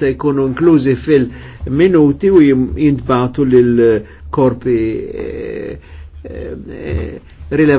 se jkunu inklużi fil-minuti u jintbatu lil korpi eh, eh, eh, rilevanti.